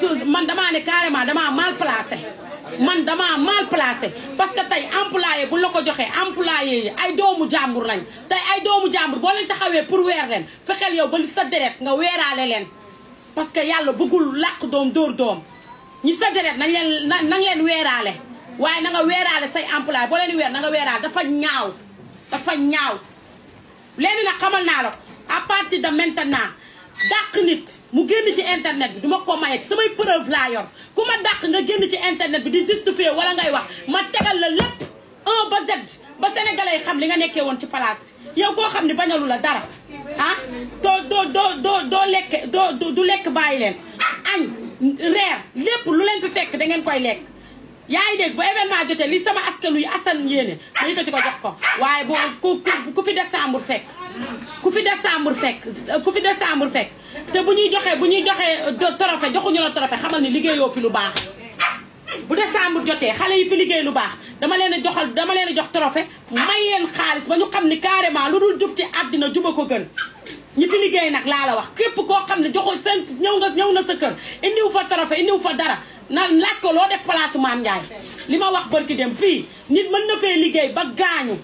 chose man damaa ne carrément damaa mal placé man damaa mal placé parce que tey employé bu la ko joxee employé yi ay doomu jàmbur lañ tey ay doomu jàmbur boo leen taxawee pour weer leen fexeel yow ba li sa deret nga weeraale leen parce que yàlla bëggul làq doom door doom ñi sa deret nañ leen na nang leen weeraale waaye na nga weeraale say employé boo leen weer na nga weeraale dafa ñaaw dafa ñaaw léegi nag xamal naa la ko à partir de maintenant dàq nit mu génn ci internet bi duma ko maye samay preuve laa yor ku ma dàq nga génn ci internet bi di justifier wala ngay wax ma tegal la lépp un ba Z ba sénégalais xam li nga nekkee woon ci place bi yow koo xam ni bañalu la dara ah doo doo doo doo doo lekk doo du lekk bàyyi leen ah, añ reer lépp lu leen fi fekk da ngeen koy lekk yaa ngi dégg bu événement jotee li sama askan wi asan yéene ma yëkkati ko jox ko waaye boo ku ku fi décembre fekk fi décembre fekk ku fi décembre fekk te bu ñuy joxee bu ñuy joxee trophée joxuñu la trophée xamal ni liggéeyoo fi lu baax bu décembre jotee xale yi fi liggéey lu baax dama leen a joxal dama leen a jox trophée may leen xaalis ba ñu xam ni carrément lu dul jub ci àddina juba ko gën ñi fi liggéey nag laa la wax képp koo xam ne joxo seen ñëw nga ñëw na sa kër indiw fa trophée indiw fa dara na laaj ko loo def place Maam Ndiaye li ma wax barki dem fii nit mën na fee liggéey ba gaañu